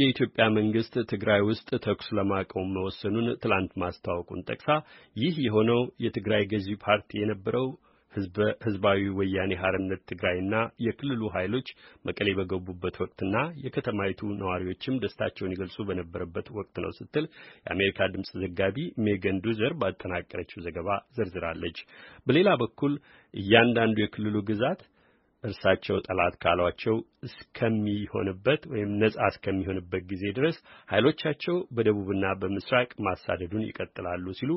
የኢትዮጵያ መንግስት ትግራይ ውስጥ ተኩስ ለማቆም መወሰኑን ትላንት ማስታወቁን ጠቅሳ ይህ የሆነው የትግራይ ገዢ ፓርቲ የነበረው ህዝባዊ ወያኔ ሀርነት ትግራይና የክልሉ ኃይሎች መቀሌ በገቡበት ወቅትና የከተማይቱ ነዋሪዎችም ደስታቸውን ይገልጹ በነበረበት ወቅት ነው ስትል የአሜሪካ ድምፅ ዘጋቢ ሜገን ዱዘር ባጠናቀረችው ዘገባ ዘርዝራለች። በሌላ በኩል እያንዳንዱ የክልሉ ግዛት እርሳቸው ጠላት ካሏቸው እስከሚሆንበት ወይም ነጻ እስከሚሆንበት ጊዜ ድረስ ኃይሎቻቸው በደቡብና በምስራቅ ማሳደዱን ይቀጥላሉ ሲሉ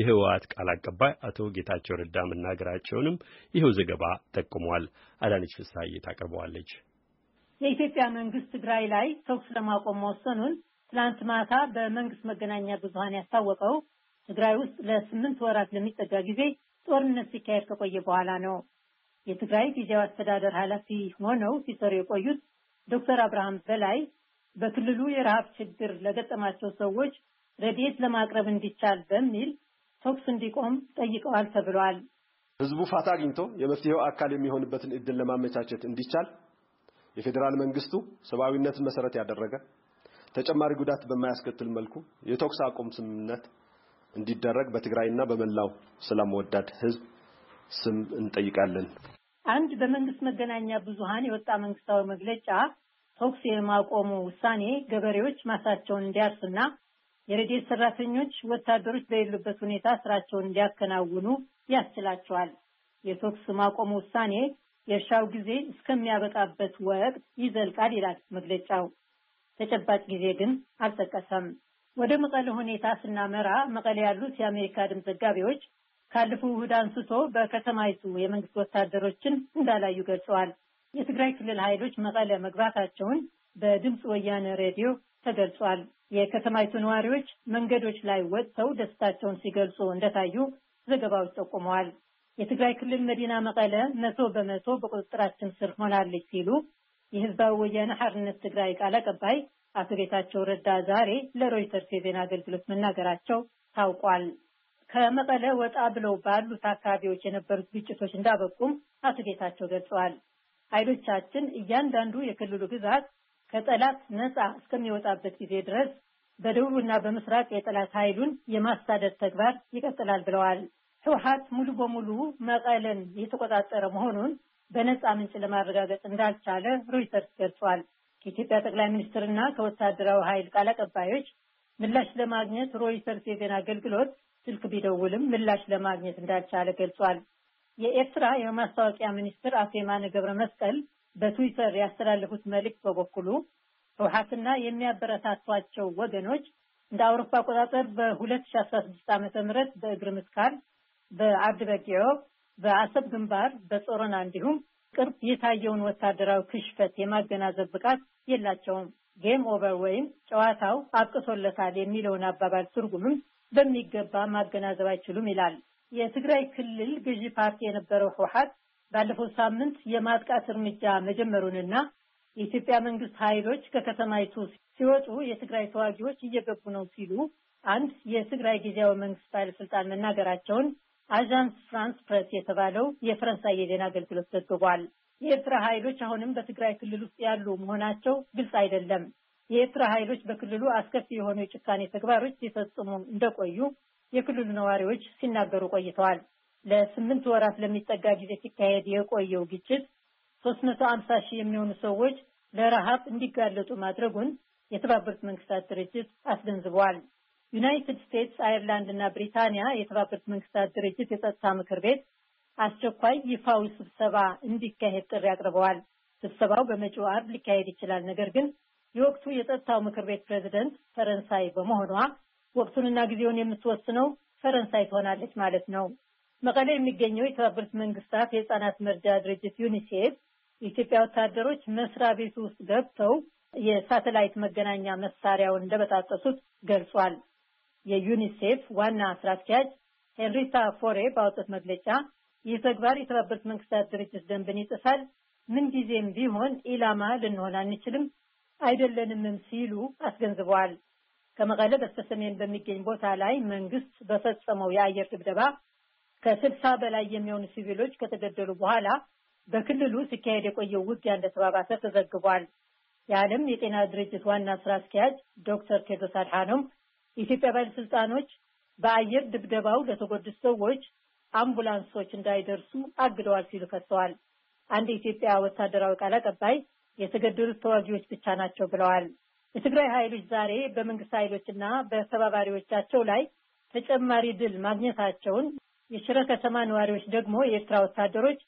የህወሓት ቃል አቀባይ አቶ ጌታቸው ረዳ መናገራቸውንም ይኸው ዘገባ ጠቁሟል። አዳነች ፍስሐዬ ታቀርበዋለች። የኢትዮጵያ መንግስት ትግራይ ላይ ተኩስ ለማቆም መወሰኑን ትላንት ማታ በመንግስት መገናኛ ብዙሃን ያስታወቀው ትግራይ ውስጥ ለስምንት ወራት ለሚጠጋ ጊዜ ጦርነት ሲካሄድ ከቆየ በኋላ ነው። የትግራይ ጊዜያዊ አስተዳደር ኃላፊ ሆነው ሲሰሩ የቆዩት ዶክተር አብርሃም በላይ በክልሉ የረሃብ ችግር ለገጠማቸው ሰዎች ረድኤት ለማቅረብ እንዲቻል በሚል ተኩስ እንዲቆም ጠይቀዋል ተብሏል። ህዝቡ ፋታ አግኝቶ የመፍትሄው አካል የሚሆንበትን እድል ለማመቻቸት እንዲቻል የፌዴራል መንግስቱ ሰብአዊነትን መሰረት ያደረገ ተጨማሪ ጉዳት በማያስከትል መልኩ የተኩስ አቁም ስምምነት እንዲደረግ በትግራይና በመላው ሰላም ወዳድ ህዝብ ስም እንጠይቃለን። አንድ በመንግስት መገናኛ ብዙሃን የወጣ መንግስታዊ መግለጫ ተኩስ የማቆሙ ውሳኔ ገበሬዎች ማሳቸውን እንዲያርሱና የረድኤት ሰራተኞች ወታደሮች በሌሉበት ሁኔታ ስራቸውን እንዲያከናውኑ ያስችላቸዋል። የተኩስ ማቆሙ ውሳኔ የእርሻው ጊዜ እስከሚያበቃበት ወቅት ይዘልቃል ይላል መግለጫው። ተጨባጭ ጊዜ ግን አልጠቀሰም። ወደ መቀለ ሁኔታ ስናመራ መቀለ ያሉት የአሜሪካ ድምፅ ዘጋቢዎች ካለፈው እሁድ አንስቶ በከተማይቱ የመንግስት ወታደሮችን እንዳላዩ ገልጸዋል። የትግራይ ክልል ኃይሎች መቀለ መግባታቸውን በድምፅ ወያነ ሬዲዮ ተገልጿል። የከተማይቱ ነዋሪዎች መንገዶች ላይ ወጥተው ደስታቸውን ሲገልጹ እንደታዩ ዘገባዎች ጠቁመዋል። የትግራይ ክልል መዲና መቀለ መቶ በመቶ በቁጥጥራችን ስር ሆናለች ሲሉ የህዝባዊ ወያነ ሐርነት ትግራይ ቃል አቀባይ አቶ ጌታቸው ረዳ ዛሬ ለሮይተርስ የዜና አገልግሎት መናገራቸው ታውቋል። ከመቀለ ወጣ ብለው ባሉት አካባቢዎች የነበሩት ግጭቶች እንዳበቁም አቶ ጌታቸው ገልጸዋል። ኃይሎቻችን እያንዳንዱ የክልሉ ግዛት ከጠላት ነፃ እስከሚወጣበት ጊዜ ድረስ በደቡብና በምስራቅ የጠላት ኃይሉን የማሳደድ ተግባር ይቀጥላል ብለዋል። ህወሓት ሙሉ በሙሉ መቀለን የተቆጣጠረ መሆኑን በነፃ ምንጭ ለማረጋገጥ እንዳልቻለ ሮይተርስ ገልጿል። ከኢትዮጵያ ጠቅላይ ሚኒስትርና ከወታደራዊ ኃይል ቃል አቀባዮች ምላሽ ለማግኘት ሮይተርስ የዜና አገልግሎት ስልክ ቢደውልም ምላሽ ለማግኘት እንዳልቻለ ገልጿል። የኤርትራ የማስታወቂያ ሚኒስትር አቶ የማነ ገብረ መስቀል በትዊተር ያስተላለፉት መልእክት በበኩሉ ህውሓትና የሚያበረታቷቸው ወገኖች እንደ አውሮፓ አቆጣጠር በ2016 ዓ ም በእግር ምትካል፣ በአብድ በጊዖ፣ በአሰብ ግንባር፣ በጾረና እንዲሁም ቅርብ የታየውን ወታደራዊ ክሽፈት የማገናዘብ ብቃት የላቸውም። ጌም ኦቨር ወይም ጨዋታው አብቅቶለታል የሚለውን አባባል ትርጉምም በሚገባ ማገናዘብ አይችሉም ይላል። የትግራይ ክልል ገዢ ፓርቲ የነበረው ህወሀት ባለፈው ሳምንት የማጥቃት እርምጃ መጀመሩንና የኢትዮጵያ መንግስት ኃይሎች ከከተማይቱ ሲወጡ የትግራይ ተዋጊዎች እየገቡ ነው ሲሉ አንድ የትግራይ ጊዜያዊ መንግስት ባለስልጣን መናገራቸውን አዣንስ ፍራንስ ፕሬስ የተባለው የፈረንሳይ የዜና አገልግሎት ዘግቧል። የኤርትራ ኃይሎች አሁንም በትግራይ ክልል ውስጥ ያሉ መሆናቸው ግልጽ አይደለም። የኤርትራ ኃይሎች በክልሉ አስከፊ የሆኑ የጭካኔ ተግባሮች ሲፈጽሙ እንደቆዩ የክልሉ ነዋሪዎች ሲናገሩ ቆይተዋል። ለስምንት ወራት ለሚጠጋ ጊዜ ሲካሄድ የቆየው ግጭት 350 ሺህ የሚሆኑ ሰዎች ለረሃብ እንዲጋለጡ ማድረጉን የተባበሩት መንግስታት ድርጅት አስገንዝበዋል። ዩናይትድ ስቴትስ፣ አየርላንድ እና ብሪታንያ የተባበሩት መንግስታት ድርጅት የጸጥታ ምክር ቤት አስቸኳይ ይፋዊ ስብሰባ እንዲካሄድ ጥሪ አቅርበዋል። ስብሰባው በመጪው አርብ ሊካሄድ ይችላል፣ ነገር ግን የወቅቱ የጸጥታው ምክር ቤት ፕሬዝደንት ፈረንሳይ በመሆኗ ወቅቱንና ጊዜውን የምትወስነው ፈረንሳይ ትሆናለች ማለት ነው። መቀሌ የሚገኘው የተባበሩት መንግስታት የህፃናት መርጃ ድርጅት ዩኒሴፍ የኢትዮጵያ ወታደሮች መስሪያ ቤቱ ውስጥ ገብተው የሳተላይት መገናኛ መሳሪያውን እንደበጣጠሱት ገልጿል። የዩኒሴፍ ዋና ስራ አስኪያጅ ሄንሪታ ፎሬ ባወጡት መግለጫ ይህ ተግባር የተባበሩት መንግስታት ድርጅት ደንብን ይጥሳል፣ ምንጊዜም ቢሆን ኢላማ ልንሆን አንችልም፣ አይደለንምም ሲሉ አስገንዝበዋል። ከመቀለ በስተሰሜን በሚገኝ ቦታ ላይ መንግስት በፈጸመው የአየር ድብደባ ከስልሳ በላይ የሚሆኑ ሲቪሎች ከተገደሉ በኋላ በክልሉ ሲካሄድ የቆየው ውጊያ እንደተባባሰ ተዘግቧል። የዓለም የጤና ድርጅት ዋና ስራ አስኪያጅ ዶክተር ቴድሮስ አድሃኖም የኢትዮጵያ ባለስልጣኖች በአየር ድብደባው ለተጎዱት ሰዎች አምቡላንሶች እንዳይደርሱ አግደዋል ሲሉ ከሰዋል። አንድ የኢትዮጵያ ወታደራዊ ቃል አቀባይ የተገደሉት ተዋጊዎች ብቻ ናቸው ብለዋል። የትግራይ ኃይሎች ዛሬ በመንግስት ኃይሎችና በተባባሪዎቻቸው ላይ ተጨማሪ ድል ማግኘታቸውን፣ የሽረ ከተማ ነዋሪዎች ደግሞ የኤርትራ ወታደሮች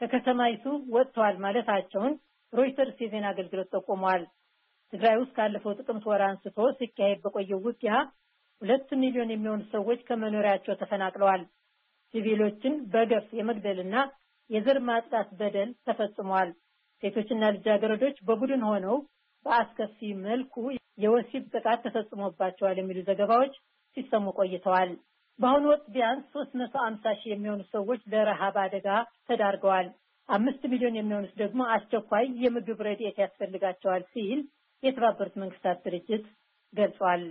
ከከተማይቱ ወጥተዋል ማለታቸውን ሮይተርስ የዜና አገልግሎት ጠቁሟል። ትግራይ ውስጥ ካለፈው ጥቅምት ወር አንስቶ ሲካሄድ በቆየው ውጊያ ሁለት ሚሊዮን የሚሆኑ ሰዎች ከመኖሪያቸው ተፈናቅለዋል። ሲቪሎችን በገፍ የመግደልና የዘር ማጥቃት በደል ተፈጽሟል። ሴቶችና ልጃገረዶች በቡድን ሆነው በአስከፊ መልኩ የወሲብ ጥቃት ተፈጽሞባቸዋል የሚሉ ዘገባዎች ሲሰሙ ቆይተዋል። በአሁኑ ወቅት ቢያንስ ሶስት መቶ አምሳ ሺህ የሚሆኑ ሰዎች ለረሃብ አደጋ ተዳርገዋል። አምስት ሚሊዮን የሚሆኑት ደግሞ አስቸኳይ የምግብ ረድኤት ያስፈልጋቸዋል ሲል የተባበሩት መንግስታት ድርጅት ገልጿል።